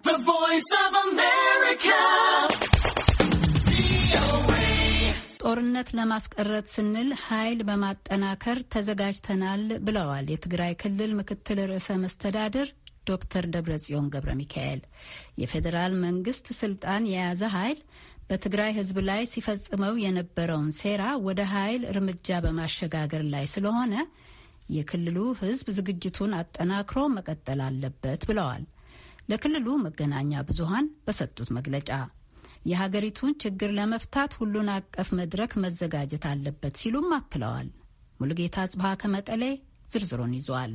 The Voice of America. ጦርነት ለማስቀረት ስንል ኃይል በማጠናከር ተዘጋጅተናል ብለዋል የትግራይ ክልል ምክትል ርዕሰ መስተዳድር ዶክተር ደብረጽዮን ገብረ ሚካኤል። የፌዴራል መንግስት ስልጣን የያዘ ኃይል በትግራይ ህዝብ ላይ ሲፈጽመው የነበረውን ሴራ ወደ ኃይል እርምጃ በማሸጋገር ላይ ስለሆነ የክልሉ ህዝብ ዝግጅቱን አጠናክሮ መቀጠል አለበት ብለዋል። ለክልሉ መገናኛ ብዙሃን በሰጡት መግለጫ የሀገሪቱን ችግር ለመፍታት ሁሉን አቀፍ መድረክ መዘጋጀት አለበት ሲሉም አክለዋል። ሙሉጌታ ጽብሃ ከመቀሌ ዝርዝሩን ይዟል።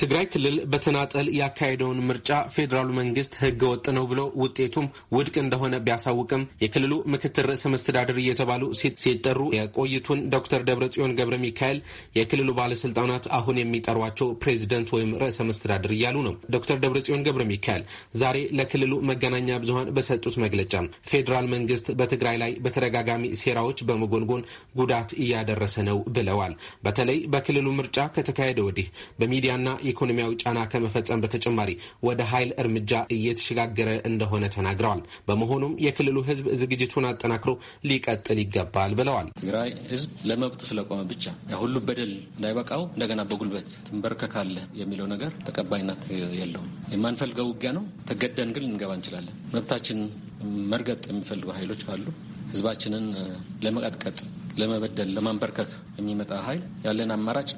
ትግራይ ክልል በተናጠል ያካሄደውን ምርጫ ፌዴራሉ መንግስት ህገ ወጥ ነው ብሎ ውጤቱም ውድቅ እንደሆነ ቢያሳውቅም የክልሉ ምክትል ርዕሰ መስተዳድር እየተባሉ ሲጠሩ የቆይቱን ዶክተር ደብረጽዮን ገብረ ሚካኤል የክልሉ ባለስልጣናት አሁን የሚጠሯቸው ፕሬዚደንት ወይም ርዕሰ መስተዳድር እያሉ ነው። ዶክተር ደብረጽዮን ገብረ ሚካኤል ዛሬ ለክልሉ መገናኛ ብዙሀን በሰጡት መግለጫ ፌዴራል መንግስት በትግራይ ላይ በተደጋጋሚ ሴራዎች በመጎንጎን ጉዳት እያደረሰ ነው ብለዋል። በተለይ በክልሉ ምርጫ ከተካሄደ ወዲህ በሚዲያና ኢኮኖሚያዊ ጫና ከመፈጸም በተጨማሪ ወደ ኃይል እርምጃ እየተሸጋገረ እንደሆነ ተናግረዋል። በመሆኑም የክልሉ ህዝብ ዝግጅቱን አጠናክሮ ሊቀጥል ይገባል ብለዋል። ትግራይ ህዝብ ለመብቱ ስለቆመ ብቻ ሁሉ በደል እንዳይበቃው እንደገና በጉልበት ትንበርከካለ የሚለው ነገር ተቀባይነት የለውም። የማንፈልገው ውጊያ ነው። ተገደን ግን ልንገባ እንችላለን። መብታችን መርገጥ የሚፈልጉ ኃይሎች ካሉ ህዝባችንን ለመቀጥቀጥ፣ ለመበደል፣ ለማንበርከክ የሚመጣ ኃይል ያለን አማራጭ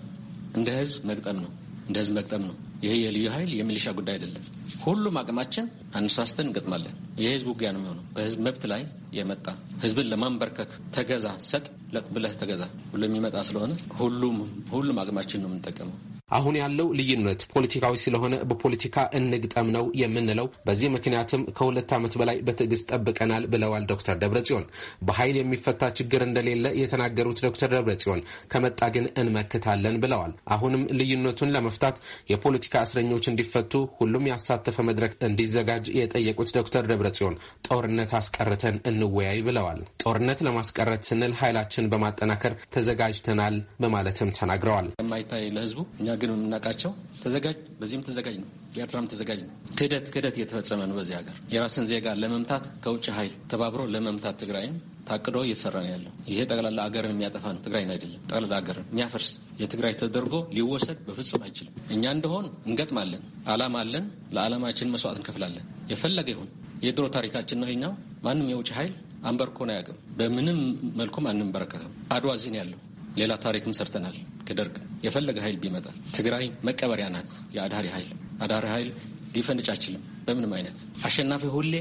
እንደ ህዝብ መግጠም ነው። እንደ ህዝብ መቅጠም ነው። ይሄ የልዩ ኃይል የሚሊሻ ጉዳይ አይደለም። ሁሉም አቅማችን አነሳስተን እንገጥማለን። የህዝብ ውጊያ ነው የሚሆነው። በህዝብ መብት ላይ የመጣ ህዝብን ለማንበርከክ ተገዛ፣ ሰጥ ብለህ ተገዛ ብሎ የሚመጣ ስለሆነ ሁሉም ሁሉም አቅማችን ነው የምንጠቀመው። አሁን ያለው ልዩነት ፖለቲካዊ ስለሆነ በፖለቲካ እንግጠም ነው የምንለው። በዚህ ምክንያትም ከሁለት ዓመት በላይ በትዕግስት ጠብቀናል ብለዋል ዶክተር ደብረጽዮን። በኃይል የሚፈታ ችግር እንደሌለ የተናገሩት ዶክተር ደብረጽዮን ከመጣ ግን እንመክታለን ብለዋል። አሁንም ልዩነቱን ለመፍታት የፖለቲካ እስረኞች እንዲፈቱ ሁሉም ያሳተፈ መድረክ እንዲዘጋጅ የጠየቁት ዶክተር ደብረጽዮን ጦርነት አስቀርተን እንወያይ ብለዋል። ጦርነት ለማስቀረት ስንል ኃይላችን በማጠናከር ተዘጋጅተናል በማለትም ተናግረዋል። የማይታይ ለህዝቡ እኛ አድርገን ነው የምናውቃቸው። ተዘጋጅ፣ በዚህም ተዘጋጅ ነው፣ በኤርትራም ተዘጋጅ ነው። ክህደት ክህደት እየተፈጸመ ነው በዚህ ሀገር። የራስን ዜጋ ለመምታት ከውጭ ኃይል ተባብሮ ለመምታት ትግራይም ታቅዶ እየተሰራ ነው ያለው። ይሄ ጠቅላላ አገርን የሚያጠፋ ነው፣ ትግራይን አይደለም፣ ጠቅላላ አገርን የሚያፈርስ የትግራይ ተደርጎ ሊወሰድ በፍጹም አይችልም። እኛ እንደሆን እንገጥማለን፣ አላማ አለን፣ ለአላማችን መስዋዕት እንከፍላለን። የፈለገ ይሁን የድሮ ታሪካችን ነው ይኛው። ማንም የውጭ ኃይል አንበርኮን አያውቅም። በምንም መልኩም አንንበረከከም። አድዋ እዚህ ነው ያለው። ሌላ ታሪክም ሰርተናል። ደርግ የፈለገ ኃይል ቢመጣ ትግራይ መቀበሪያ ናት። የአዳሪ ኃይል አዳሪ ኃይል ሊፈንጭ አይችልም። በምንም አይነት አሸናፊ ሁሌ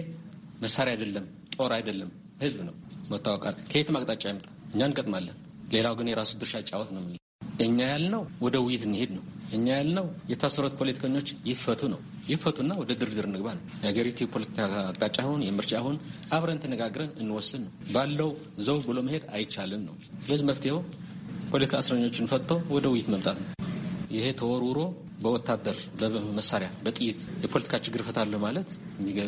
መሳሪያ አይደለም፣ ጦር አይደለም፣ ህዝብ ነው። መታወቅ ከየትም አቅጣጫ ይምጣ እኛ እንቀጥማለን። ሌላው ግን የራሱ ድርሻ ጫወት ነው። እኛ ያልነው ወደ ውይይት እንሄድ ነው። እኛ ያልነው የታሰሩት ፖለቲከኞች ይፈቱ ነው። ይፈቱና ወደ ድርድር እንግባ ነው። የሀገሪቱ የፖለቲካ አቅጣጫ ሁን የምርጫ ሁን አብረን ተነጋግረን እንወስን ነው። ባለው ዘው ብሎ መሄድ አይቻልም ነው። ስለዚህ መፍትሄው ፖለቲካ እስረኞችን ፈጥቶ ወደ ውይይት መምጣት ነው። ይሄ ተወርውሮ በወታደር በመሳሪያ በጥይት የፖለቲካ ችግር እፈታለሁ ማለት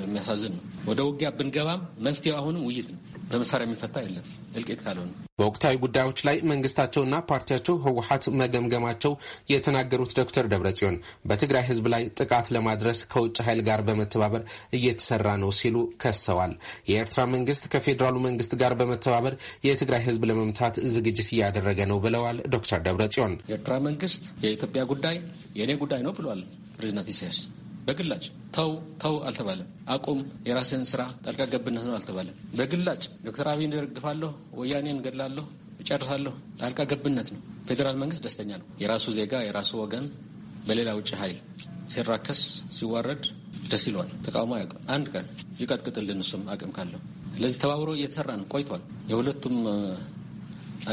የሚያሳዝን ነው። ወደ ውጊያ ብንገባም መፍትሄው አሁንም ውይይት ነው። በመሳሪያ የሚፈታ የለም እልቂት ካልሆነ። በወቅታዊ ጉዳዮች ላይ መንግስታቸውና ፓርቲያቸው ህወሀት መገምገማቸው የተናገሩት ዶክተር ደብረጽዮን በትግራይ ህዝብ ላይ ጥቃት ለማድረስ ከውጭ ኃይል ጋር በመተባበር እየተሰራ ነው ሲሉ ከሰዋል። የኤርትራ መንግስት ከፌዴራሉ መንግስት ጋር በመተባበር የትግራይ ህዝብ ለመምታት ዝግጅት እያደረገ ነው ብለዋል። ዶክተር ደብረጽዮን የኤርትራ መንግስት የኢትዮጵያ ጉዳይ የእኔ ጉዳይ ነው ብለዋል። ፕሬዚዳንት ኢሳያስ በግላጭ ተው ተው አልተባለም። አቁም፣ የራስህን ስራ፣ ጣልቃ ገብነት ነው አልተባለም። በግላጭ ዶክተር አብይን ደግፋለሁ፣ ወያኔን ገላለሁ፣ እጨርሳለሁ፣ ጣልቃ ገብነት ነው። ፌዴራል መንግስት ደስተኛ ነው። የራሱ ዜጋ የራሱ ወገን በሌላ ውጭ ኃይል ሲራከስ ሲዋረድ ደስ ይለዋል። ተቃውሞ አንድ ቀን ይቀጥቅጥልን እሱም አቅም ካለው። ስለዚህ ተባብሮ እየተሰራን ቆይቷል። የሁለቱም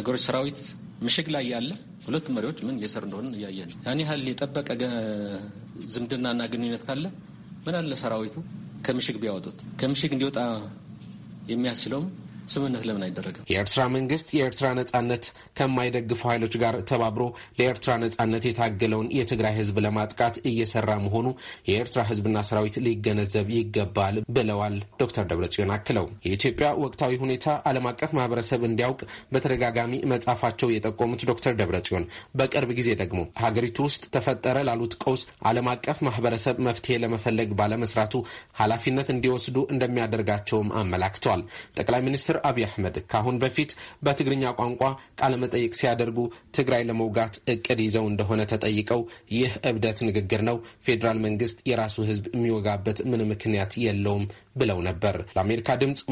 አገሮች ሰራዊት ምሽግ ላይ ያለ ሁለቱም መሪዎች ምን እየሰሩ እንደሆነ እያየን ያን ያህል የጠበቀ ዝምድናና ግንኙነት ካለ ምን አለ ሰራዊቱ ከምሽግ ቢያወጡት። ከምሽግ እንዲወጣ የሚያስችለውም ስምምነት ለምን አይደረግም? የኤርትራ መንግስት የኤርትራ ነጻነት ከማይደግፉ ኃይሎች ጋር ተባብሮ ለኤርትራ ነጻነት የታገለውን የትግራይ ህዝብ ለማጥቃት እየሰራ መሆኑ የኤርትራ ህዝብና ሰራዊት ሊገነዘብ ይገባል ብለዋል ዶክተር ደብረጽዮን አክለው የኢትዮጵያ ወቅታዊ ሁኔታ ዓለም አቀፍ ማህበረሰብ እንዲያውቅ በተደጋጋሚ መጻፋቸው የጠቆሙት ዶክተር ደብረጽዮን በቅርብ ጊዜ ደግሞ ሀገሪቱ ውስጥ ተፈጠረ ላሉት ቀውስ ዓለም አቀፍ ማህበረሰብ መፍትሄ ለመፈለግ ባለመስራቱ ኃላፊነት እንዲወስዱ እንደሚያደርጋቸውም አመላክተዋል። ጠቅላይ ሚኒስትር አብይ አህመድ ካሁን በፊት በትግርኛ ቋንቋ ቃለመጠይቅ ሲያደርጉ ትግራይ ለመውጋት እቅድ ይዘው እንደሆነ ተጠይቀው ይህ እብደት ንግግር ነው፣ ፌዴራል መንግስት የራሱ ህዝብ የሚወጋበት ምን ምክንያት የለውም ብለው ነበር። ለአሜሪካ ድምፅ